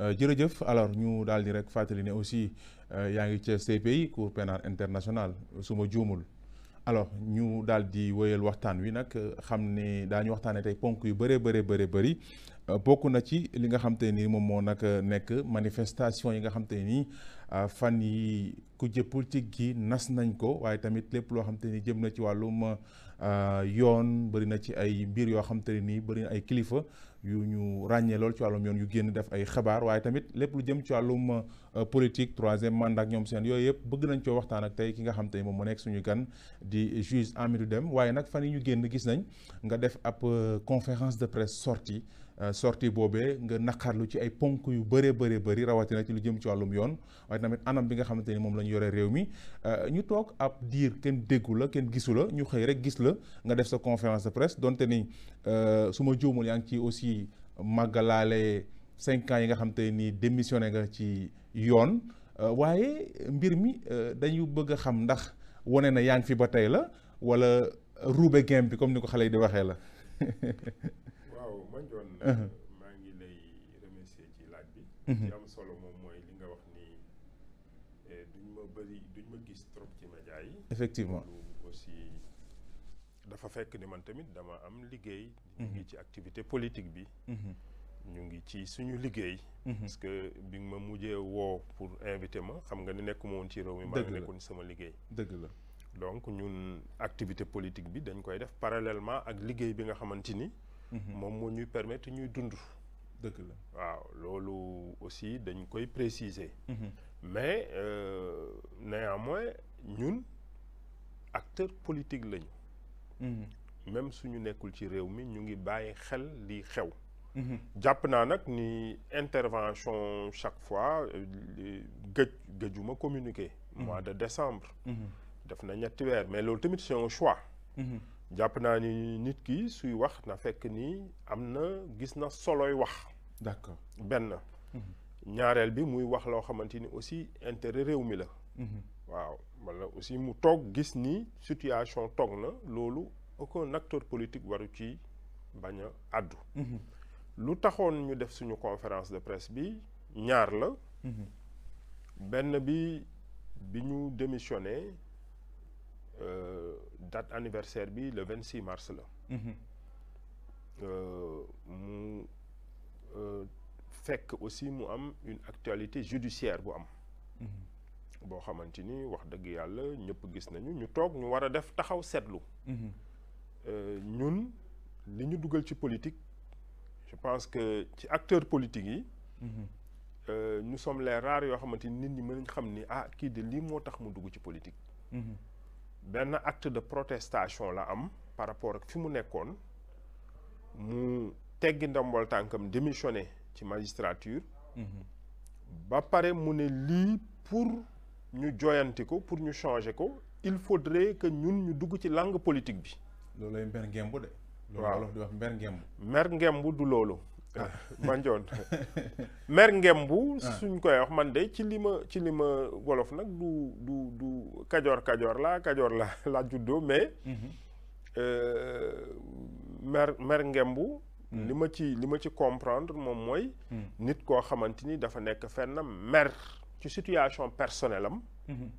Euh, jërëjëf alors ñu daal di rek fàttali ne aussi euh, yaa ngi ca CPI cour pénal international su ma juumul alors ñu daal di wéyal waxtaan wi nag euh, xam ne daañu waxtaanee tey ponk yu bëree bëree bëri bëri bokk na ci li nga xam te ni moom moo nag nekk manifestation yi nga xam te ni fan yi ku jë ci gi nas nañ ko waaye tamit lépp loo xam te ni jëm na ci wàllum yoon bëri na ci ay mbir yoo xam te ni bëri na ay kilifa. yu ñu ràññee lool ci wàllum yoon yu génn def ay xabaar waaye tamit lépp lu jëm ci wàllum euh, politique troisième mandat ak ñoom seen yooyu yëpp bëgg nañ coo waxtaan ak tey ki nga xam tey moom mu nekk suñu gan di juge Hamidou dem waaye nag fan yi ñu génn gis nañ nga def ab euh, conférence de presse sortie Euh, sorti boobee nga naqarlu ci ay ponk yu bëree bëree bari rawatina ci lu jëm ci wàllum yoon waaye tamit anam bi nga xamante ni moom la yore réew mi euh, ñu toog ab diir kenn déggu la kenn gisu la ñu xëy rek gis la nga def sa conférence de presse donte ni euh, su ma juumul yaa ngi ci aussi màggalaale cinq ans yi nga xam xamante nii démissionné nga ci yoon waaye mbir mi dañu bëgg xam ndax wane na yaa ngi fi ba tey la wala ruube game bi comme ni ko xale yi di waxee la Papa mhm. maa ngi lay remercier ci laaj bi ci mhm. am solo moom mooy li nga wax ni eh, duñ ma bëri duñ ma gis trop ci média yi effectivement aussi dafa fekk ni man tamit dama am liggéey ñu ngi mhm. ci activité politique bi ñu ngi ci suñu liggéey parce que bi nga ma mujjee woo pour invité ma xam nga ni nekkuma woon ci réew mi maa ngi nekkoon sama liggéey dëgg la donc ñun activité politique bi dañ koy def parallèlement ak liggéey bi nga xamante ni Mhm. moom moo ñuy permettre ñuy dund. dëgg la waaw loolu aussi dañ koy préciser. Mhm. mais euh, néanmoins ñun acteur politique lañu. Mhm. même suñu nekkul ci réew mi ñu ngi bàyyi xel li xew. jàpp naa nag ni intervention chaque fois euh, gëj gëjuma communiqué. mois de décembre. def na ñetti weer mais loolu tamit c'est choix. jàpp naa ni nit ki suy wax na fekk ni am na gis na soloy wax. d'accord benn. Mhm. ñaareel bi muy wax loo xamante ni aussi intére réew mi la. Mhm. waaw wala aussi mu toog gis ni situation toog na loolu ko acteur politique waru ci bañ a àddu. Mhm. lu taxoon ñu def suñu conférence de presse bi ñaar la. benn bi bi ñu démissionné. Euh, dat anniversaire bi le 26 mars la. Mhm. Euh, mu euh, fekk aussi mu am une actualité judiciaire bu am. Mhm. boo xamante ni wax dëgg yàlla ñëpp gis nañu ñu toog ñu war a def taxaw seetlu. Mhm. ñun li ñu dugal ci politique je pense que ci acteurs politiques yi. ñu sommes les rares yoo xamante ni nit ñi mën nañ xam ni ah kii de lii moo tax mu dugg ci politique. benn acte de protestation la am par rapport ak fi mu nekkoon mu teggi ndombol tànkam démissionné ci magistrature mhm. ba pare mu ne lii pour ñu joyanti ko pour ñu changer ko il faudrait que ñun ñu dugg ci langue politique bi loolu lay mber ngemb de loolu wax mber ngemb mber ngemb du loolu Ah, Mandione mer ngembu ah. suñ koy wax man de ci li ma ci li ma wolof nag du du du kajoor kajoor laa kajoor la laa juddoo mais mer mhm. euh, mer ngembu mm. li ma ci li ma ci comprendre moom mooy mm. nit koo xamante ni dafa nekk fenn mer ci situation personnelle am mhm.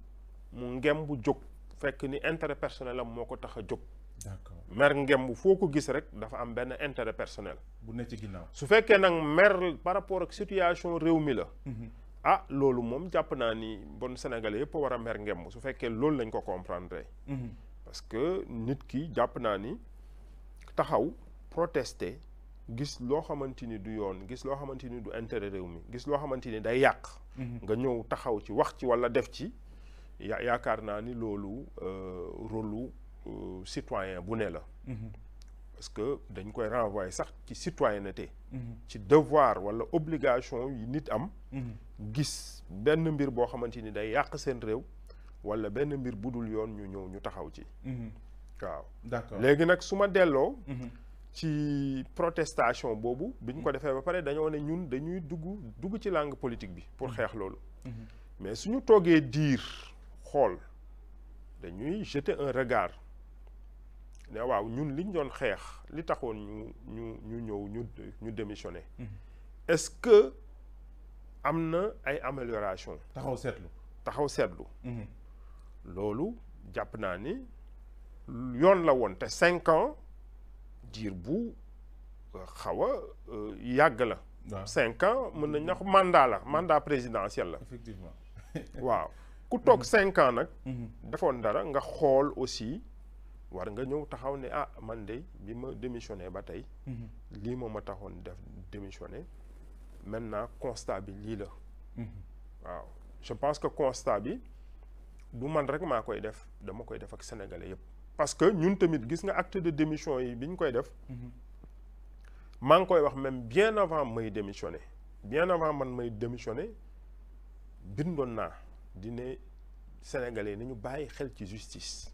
mu ngembu jóg fekk ni intérêt personnel am moo ko tax a jóg d'accord mer ngemb foo ko gis rek dafa am benn intérêt personnel. bu ne ci ginnaaw su fekkee nag mer par rapport ak situation réew mi la. Mhm. ah loolu moom jàpp naa ni bon sénégalais yëpp war a mer ngemb su fekkee loolu lañ ko comprendre. Mhm. parce que nit ki jàpp naa ni taxaw protester gis loo xamante ni du yoon gis loo xamante ni du intérêt réew mi gis loo xamante ni day yàq. Mhm. nga ñëw taxaw ci wax ci walla def ci. ya yaakaar naa ni loolu euh, rôle Euh, citoyen bu ne la mhm. parce que dañ koy renvoyer sax ci citoyenneté mhm. ci devoir wala obligation yi nit am mhm. gis benn mbir boo xamante ni day yàq seen réew wala benn mbir bu dul yoon ñu ñëw ñu taxaw ci waaw d'accord léegi nag su ma delloo ci protestation boobu bi ñu ko defee ba pare dañoo ne ñun dañuy dugg dugg ci langue politique bi pour xeex loolu mais suñu toogee diir xool dañuy jeter un regard waaw ñun liñ doon xeex li taxoon ñu ñu ñu ñëw ñu ñu démissionné. Hmm. est-ce que am na ay amélioration taxaw seetlu taxaw seetlu. Hmm. loolu jàpp naa ni yoon la woon te cinq ans diir bu euh, xaw a euh, yàgg la. cinq ans mën nañ ñax mandat la mandat présidentiel la. effectivement waaw ku toog hmm. cinq ans nag. defoon dara nga xool aussi. war nga ñëw taxaw ne ah man de bi ma démissionné ba tey. Mhm. lii moom ma taxoon def démissionné maintenant constat bi lii la. Mhm. waaw je pense que constat bi du man rek maa koy def dama koy def ak sénégalais yëpp. parce que ñun tamit gis nga acte de démission yi bi ñu koy def. Mhm. maa ngi koy wax même bien avant may démissionné bien avant man may démissionné bindoon naa di ne sénégalais nañu bàyyi xel ci justice.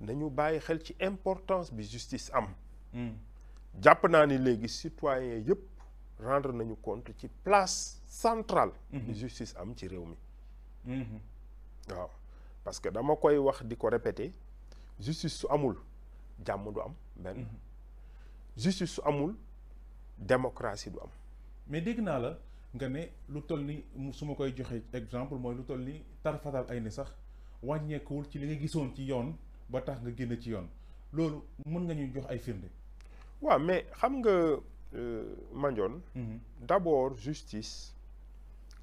nañu bàyyi xel ci importance bi justice am hmm. jàpp naa ni léegi citoyen yëpp rendre nañu compte ci place centrale hmm. bi justice am ci réew mi hmm. waaw parce que dama koy wax di ko répéter justice su amul jàmm du am benn justice su amul démocratie du am mais dégg naa la nga ne lu toll ni su ma koy joxe exemple mooy lu toll ni tarfatal ay ni sax wàññeekuwul ci li nga gisoon ci yoon ba tax nga génn ci yoon loolu mën nga ñuy jox ay firnde. waaw mais xam nga euh, Mandione. Mhm. d'abord justice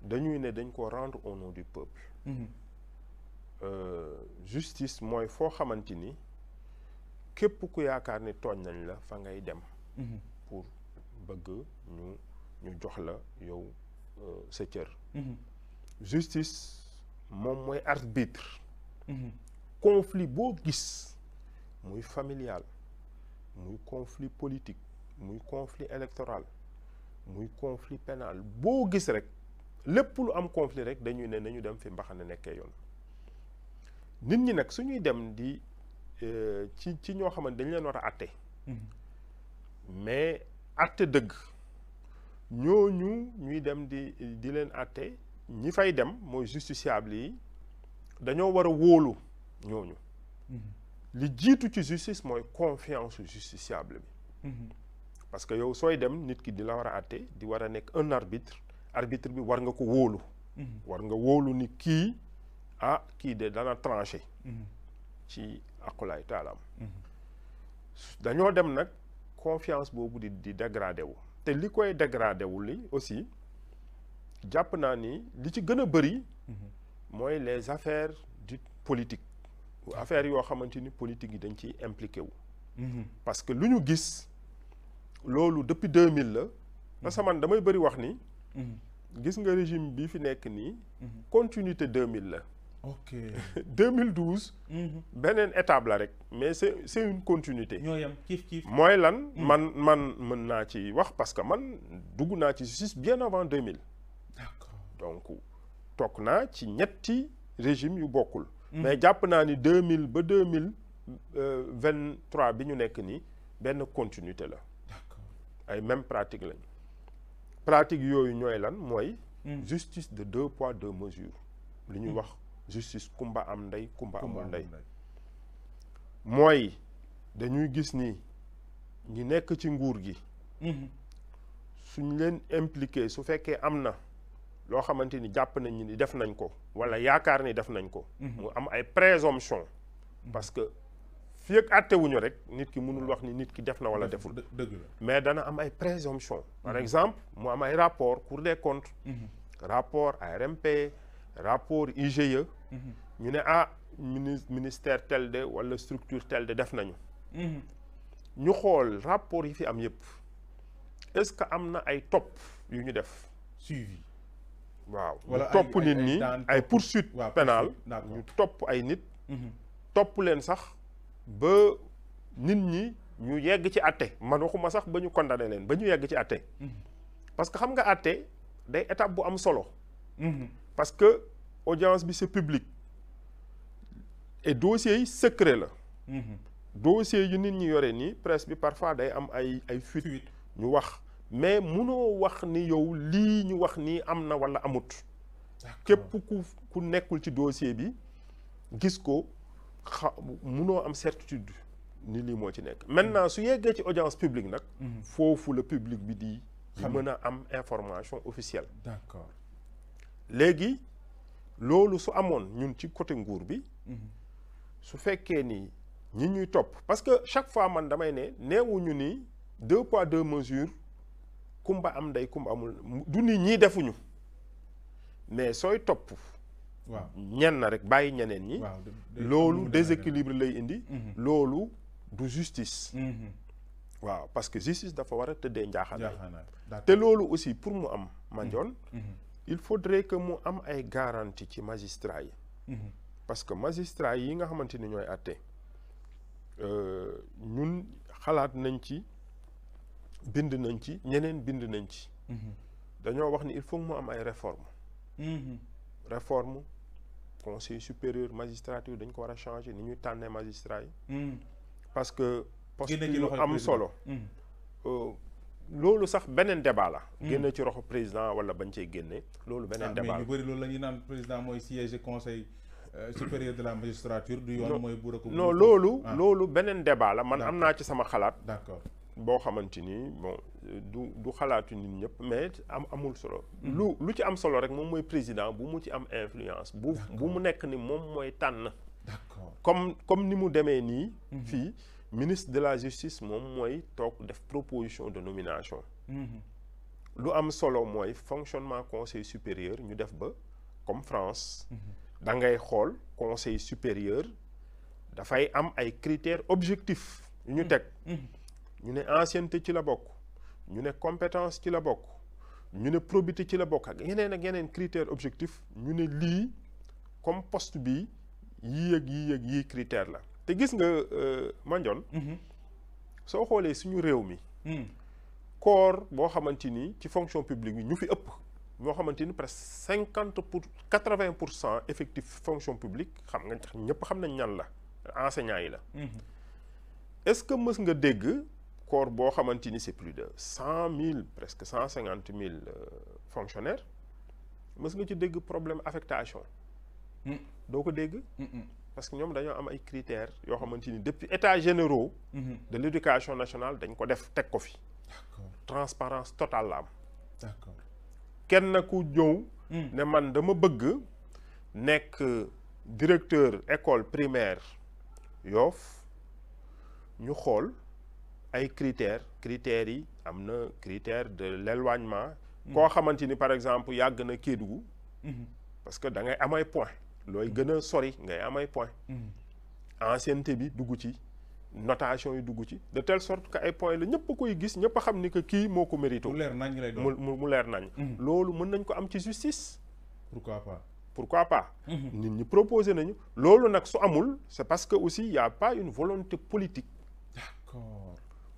dañuy ne dañ ko rendre au nom du peuple. Mhm. Euh, justice mooy foo xamante ni képp ku yaakaar ni tooñ nañ la fa ngay dem. Mhm. pour bëgg ñu ñu jox la yow euh, sa cër. justice moom mooy arbitre. conflit boo gis muy familial muy conflit politique muy conflit électoral muy conflit pénal boo gis rek lépp lu am conflit rek dañuy ne nañu dem fi mbaxane nekkee yoon nit ñi nag suñuy dem di euh, ci ci ñoo xamante dañ leen war a àtte mm-hmm. mais àtte dëgg ñooñu ñuy dem di di leen àtte ñi fay dem mooy justiciable yi dañoo war a wóolu ñooñu mhm. li jiitu ci justice mooy confiance justiciable bi mhm. parce que yow sooy dem nit ki di la war a àtte di war a nekk un arbitre arbitre bi war nga ko wóolu mhm. war nga wóolu ni kii ah kii de dana tranché ci aqulaay taalaam dañoo dem nag confiance boobu di di dégradé wu te li koy dégradé wu li aussi jàpp naa ni li ci gën a bëri mooy les affaires du politique affaire yoo xamante ni politique yi dañ ci impliqué wu. Mhm. parce que lu ñu gis loolu depuis 2000 la. Mhm. parce que man damay bëri wax ni. Mhm. gis nga régime bi fi nekk nii. continuité 2000 la. ok 2012. beneen étable rek mais c' est une continuité. ñoo yem kiif kiif mooy lan man man mën naa ci wax parce que man dugg naa ci justice bien avant 2000. d' accord donc toog naa ci ñetti régime yu bokkul. Mm-hmm. mais jàpp naa ni deux mille ba deux mille euh, vingt trois bi ñu nekk nii benn continuité la. ay même pratique lañu. pratique yooyu ñooy lan mooy. Mm. justice de deux poids deux mesures. lu ñu mm. wax justice kumba am ndey kumba amul ndey. mooy dañuy gis ni ñi nekk ci nguur gi. Mm-hmm. suñ leen impliqué su fekkee am na loo xamante ni jàpp nañ ni def nañ ko. wala yaakaar ni def nañ ko. Mhm. mu am ay présomption mhm. parce que fii ak rek nit ki mënul wax ni nit ki def na wala deful. dëgg la mais dana am ay présomption par mhm. exemple mu am ay rapport cour des contre rapport ay ARMP rapport IGE. ñu ne ah ministère tel de wala structure tel de def nañu. ñu xool rapport yi fi am yëpp est-ce que am na ay topp yu ñu def. suivi. waaw wala topp nit ñi ay pour poursuite pénale ñu topp ay nit mhm. topp leen sax ba nit ñi ñu yegg ci àtte man waxuma sax ba ñu condamné leen ba ñu yegg ci àtte mhm. parce que xam nga àtte day étape bu am solo mhm. parce que audience bi c'est public et dossiers yi secret la dossiers yu nit ñi yore nii presse bi parfois day am ay ay fuite ñu wax mais munoo wax ni yow lii ñu wax nii am na wala amut képp ku ku nekkul ci dossier bi gis ko xam munoo am certitude ni lii moo ci nekk maintenant mm-hmm. su yeggee ci audience publique nag mm-hmm. foofu la public bi di mën a am information officielle d'accord léegi loolu su amoon ñun ci côté nguur bi mm-hmm. su fekkee ni ñi ñuy topp parce que chaque fois man damay ne neewuñu ni deux pois deux mesures kumba am ndey kumba amul du ni ñii defuñu mais sooy topp. waaw ñenn na rek bàyyi ñeneen ñi. loolu déséquilibre lay indi. Mhm. loolu du justice. Mhm. waaw parce que justice dafa war a tëddee njaaxaanaay te loolu aussi pour mu am. manjoon mhm. il faudrait que mu am ay garantie ci magistrat yi. parce que magistrat yi nga xamante ni ñooy àtte euh, ñun xalaat nañ ci. bind nañ ci ñeneen bind nañ ci mhm. dañoo wax ni il faut mu am ay réforme mhm. réforme conseil supérieur magistrature dañ ko war a changer ni ñuy tànnee magistrat yi mhm. parce que poste yu am solo euh, loolu sax beneen débat la. génne ci roxo président wala bañ cee génne. loolu beneen ah, débat la mais ñu bëri loolu la ñuy naan président mooy siège conseil euh, supérieur de la magistrature. du yoon mooy buur ak non loolu. Ah. loolu beneen débat la man am naa ci sama xalaat. d'accord boo xamante ni bon du du xalaatu nit ñëpp mais am amul solo. Mhm. lu lu ci am solo rek moom mooy président bu mu ci am influence. bu bu mu nekk ni moom mooy tànn. comme comme ni mu demee nii. Mhm. fii ministre de la justice moom mooy toog def proposition de nomination. Mhm. lu am solo mooy fonctionnement conseil supérieur ñu def ba comme France. da ngay xool conseil supérieur dafay am ay critères objectif yu ñu teg. ñu ne ancienneté ci la bokk ñu ne compétence ci la bokk ñu ne probité ci la bokk ak yeneen ak yeneen critère objectif ñu ne lii comme post bi yi ak yi ak yii critère la te gis nga euh, Mandione mhm. soo xoolee suñu réew mi hmm. corps boo xamante ni ci fonction publique bi ñu fi ëpp ñoo xamante ni presque cinquante pour quatre vingt pour cent effectif fonction publique xam nga ñëpp xam nañ ñan la enseignants yi la hmm. est-ce que mës nga dégg corps boo xamante ni c'est plus de cent mille presque cent cinquante mille euh, fonctionnaires mës nga ci dégg problème affectation mm. doo ko dégg mm, mm. parce que ñoom dañoo am ay critères yoo xamante ni depuis état généraux mm-hmm. de l'éducation nationale dañ ko def teg ko fi transparence totale la am kenn ku jëw ne man dama bëgg nekk directeur école primaire yoof ñu xool ay critère critères yi am na critère de l'éloignement mhm. koo xamante ni par exemple yàgg na Kédougou mhm. parce que da ngay am ay point looy mhm. gën a sori ngay am ay point ancienneté bi dugg ci notation yi dugg ci de telle sorte que ay point la ñëpp koy gis ñëpp xam ni que kii moo ko mérito mu leer nañ lay doon mu leer nañ loolu mën nañ ko am ci justice pourquoi pas pourquoi pas nit ñi proposé nañu loolu nag su amul c'est parce que aussi y a pas une volonté politique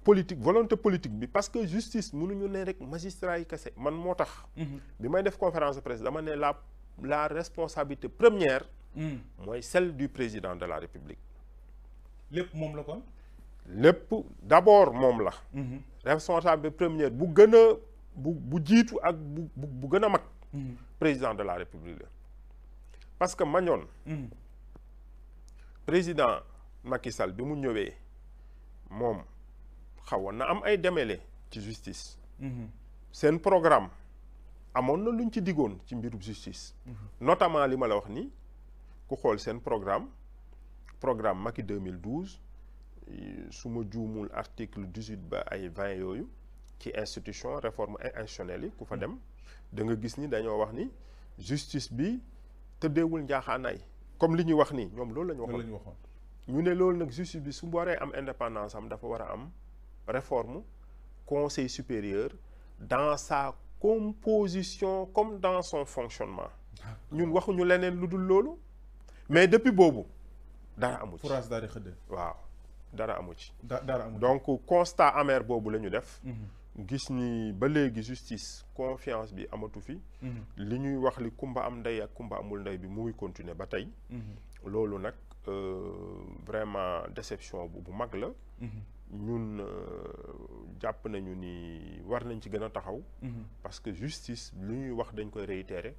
politique volonté politique bi parce que justice mënuñu ne rek magistrat yi kese man moo tax. Mhm. bi may def conférence de presse dama ne la la responsabilité première. Mhm. mooy celle du président de la république. lépp moom la kon. lépp d'abord moom la. Mhm. responsabilité première bu gën a bu bu jiitu ak bu bu gën a mag. président de la république la parce que mañoon. président Macky bi mu ñëwee moom. xawoon na am ay démêlé ci justice. Mhm. seen programme amoon na lu ñu ci diggoon ci mbirum justice. Mhm. notamment li ma la wax nii ku xool seen programme programme Macky 2012 su ma juumul article 18 ba ay 20 yooyu ci institution réforme institutionnelle yi ku fa mhm. dem da nga gis ni dañoo wax ni justice bi tëddeewul njaaxaanaay comme li ñuy wax nii ñoom loolu la ñu waxoon ñu ne loolu nag justice bi su mu waree am indépendance am dafa war a am réforme conseil supérieur dans sa composition comme dans son fonctionnement ñun waxuñu leneen lu dul loolu mais depuis boobu dara amu ci forage daal di waaw dara amu ci dara amu donc constat amer boobu la ñu def mhm. gis ni ba léegi justice confiance bi amatu fi mhm. li ñuy wax li kumba am ndey ak kumba amul ndey bi mu ngi continuer ba tey mhm. loolu nag euh, vraiment déception bu mag la ñun euh, jàpp nañu ni war nañ ci gën a taxaw. Mhm. parce que justice lu ñuy wax dañ koy réitérer.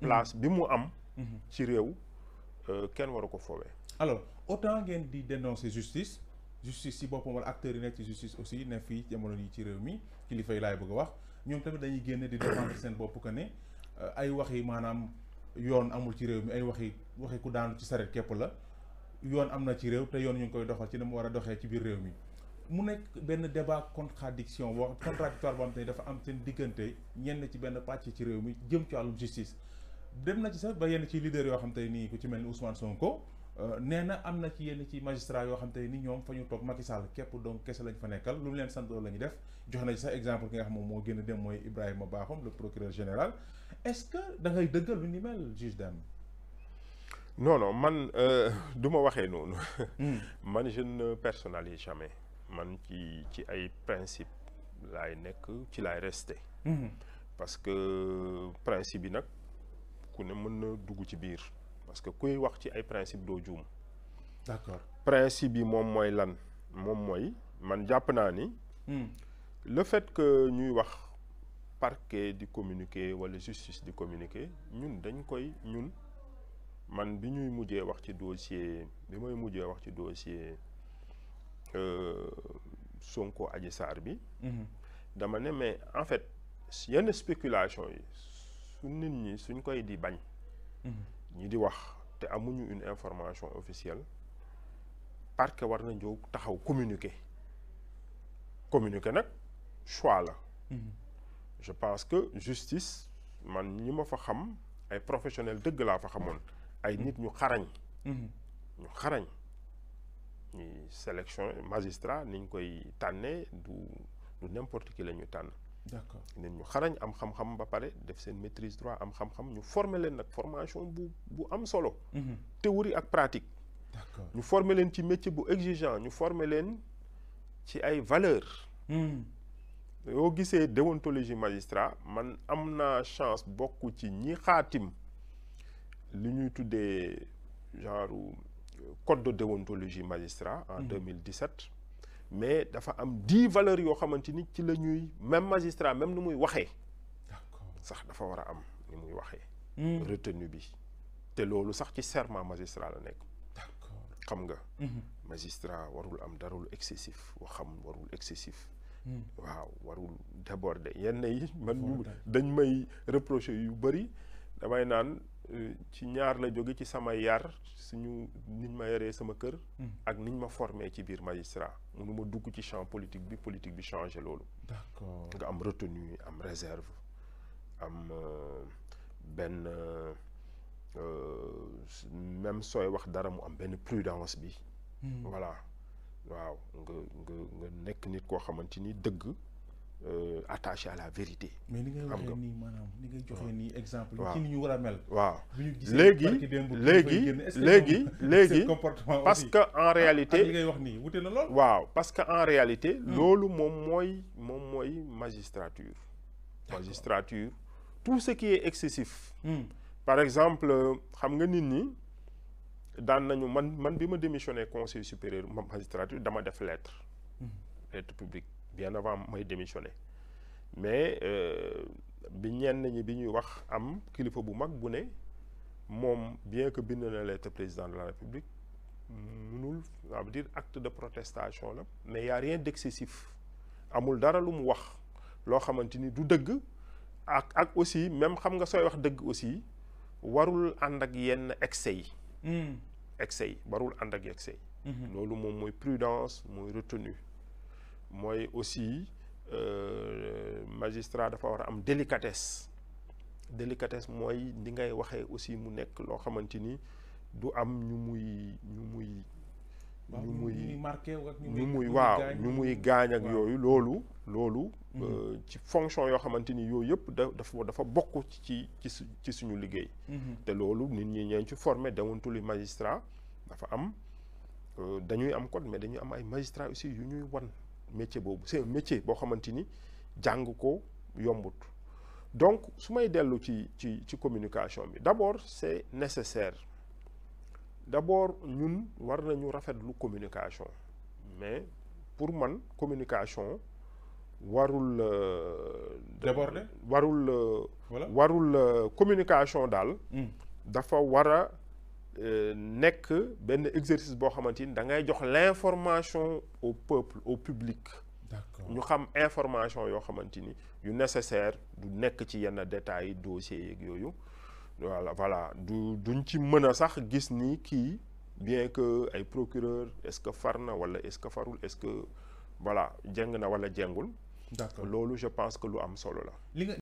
place bi mu am. Mhm. ci réew euh, kenn waru ko foowee. alors autant ngeen di dénoncer justice justice ci boppam wala acteurs yi nekk ci justice aussi ne fii jamono yi ci réew mi kilifa yi laay bëgg a wax ñoom tamit dañuy génn di défendre seen boppu que ne euh, ay wax yi maanaam yoon amul ci réew mi ay waxi waxi ku daanu ci saret képp la yoon am na ci réew te yoon ñu ngi koy doxal ci na mu war a doxee ci biir réew mi. mu nekk benn débat contradiction boo contradictoire boo xam te ne dafa am seen diggante ñenn ci benn pàcc ci réew mi jëm ci wàllum justice dem na ci sax ba yenn ci leader yoo xam te nii ku ci mel ni Ousmane Sonko euh, nee na am na ci yenn ci magistrat yoo xam te ni ñoom fa ñu toog Macky Sall képp donc kese lañ fa nekkal lu mu leen sant loolu la ñu def jox na ci sax exemple ki nga xam moo gën a dem mooy Ibrahima Bakhoum le procureur général est-ce que da ngay dëggal lu ni mel juge Dème non non man euh, ma waxee noonu hmm. man je ne personnalise jamais man ci ci ay principe laay nekk ci laay resté mhm. parce que principe yi nag ku ne mën na dugg ci biir parce que kuy wax ci ay principe doo juum d'accord principe yi moom mooy lan moom mooy man jàpp naa ni mhm. le fait que ñuy wax parquet di communiquer wala justice di communiquer ñun dañ koy ñun man bi ñuy mujjee wax ci dossier bi mooy mujjee wax ci dossier Sonko Adji Sarr bi. Mhm. dama ne mais en fait yenn spéculation yi su nit ñi suñ koy di bañ. Mhm. ñi di wax te amuñu une information officielle parce que war na jóg taxaw communiquer communiquer nag choix la. Mhm. je pense que justice man ñi ma fa xam ay professionnels dëgg laa fa xamoon ay nit ñu xarañ. ñu xarañ. ñuy sélection magistrat ni koy tànnee du du ki qui la ñu tànn. d'accord nit ñu xarañ am xam-xam ba pare def seen maîtrise droit am xam-xam ñu former leen nag formation bu am solo. Mhm. théorie ak pratique. d'accord ñu former leen ci métier bu exigeant ñu former leen ci ay valeurs. Mhm. yoo gisee déontologie magistrat man am na chance bokk ci ñi xaatim li ñuy tuddee genre. code de déontologie magistrat en 2017 mhm. mais dafa am di valeurs yoo xamante ni ci la ñuy même magistrat même ni muy waxee sax dafa war a am ni muy waxee mhm. retenu bi te loolu sax ci serment magistrat la nekk xam nga mhm. magistrat warul am darul excessif waxam warul excessif waaw warul déborder yenn yi man ñu dañ may reprocher yu bëri damay naan ci ñaar la jóge ci sama yar suñu niñ ma yaree sama kër hmm. ak niñ ma formé ci biir mu mënu ma dugg ci champ politique bi politique bi changé loolu d'accord nga am retenue am réserve am euh, benn euh, même sooy wax dara mu am benn prudence bi hmm. voilà waaw nga nga nga nekk nit koo xamante ni dëgg Euh, attaché à la vérité. mais li ngay waxee nii li ngay joxee nii exemple. waaw ñu war a mel. waaw léegi léegi léegi léegi parce que en réalité li ngay wax nii wute na lool. waaw parce que en réalité. Hmm. loolu moom mooy moom mooy magistrature. magistrature tout ce qui est excessif. Hmm. par exemple xam nga nit ñi daan nañu man man bi ma démissionné conseil supérieur magistrature dama def lettre. Hmm. lettre publique. bien avant may démissionné mais euh, bi ñenn ñi bi ñuy wax am kilifa bu mag bu ne moom bien que bind na lettre président de la république mënul ça veut dire acte de protestation la mais y a rien d'excessif amul dara lu mu wax loo xamante ni du dëgg ak ak aussi même xam nga sooy wax dëgg aussi warul ànd ak yenn excès yi hmm. excès yi warul ànd ak excès yi hmm. loolu moom mooy prudence mooy retenue mooy aussi euh, magistra dafa war a am délicatesse délicatesse mooy ni ngay waxee aussi mu nekk loo xamante ni du am ñu muy ñu muy ñu muy ñu muy waaw ñu muy gaañ ak yooyu loolu loolu mhm. euh, ci fonction yoo xamante ni yooyu yëpp da dafa bokk ci ci ci suñu liggéey mhm. te loolu nit ñi ñeen ci formé dewantul magistrat dafa am euh, dañuy am code mais dañuy am ay magistrat aussi yu ñuy wan métier boobu c'est un boo xamante ni jàng ko yombut donc su may dellu ci ci ci communication bi d'abord c'est nécessaire d'abord ñun war nañu rafetlu communication mais pour man communication warul euh, déborder warul euh, warul euh, communication daal hmm. dafa war nekk benn exercice boo xamante ni da ngay jox l'information au peuple au public. ñu xam information yoo xamante ni yu nécessaire du nekk ci yenn détails yi dossiers yooyu voilà voilà du duñ ci mën a sax gis ni kii bien que ay procureur est-ce que far na wala est-ce que farul est-ce que voilà jeng na wala jengul. d'accord loolu je pense que lu am solo la.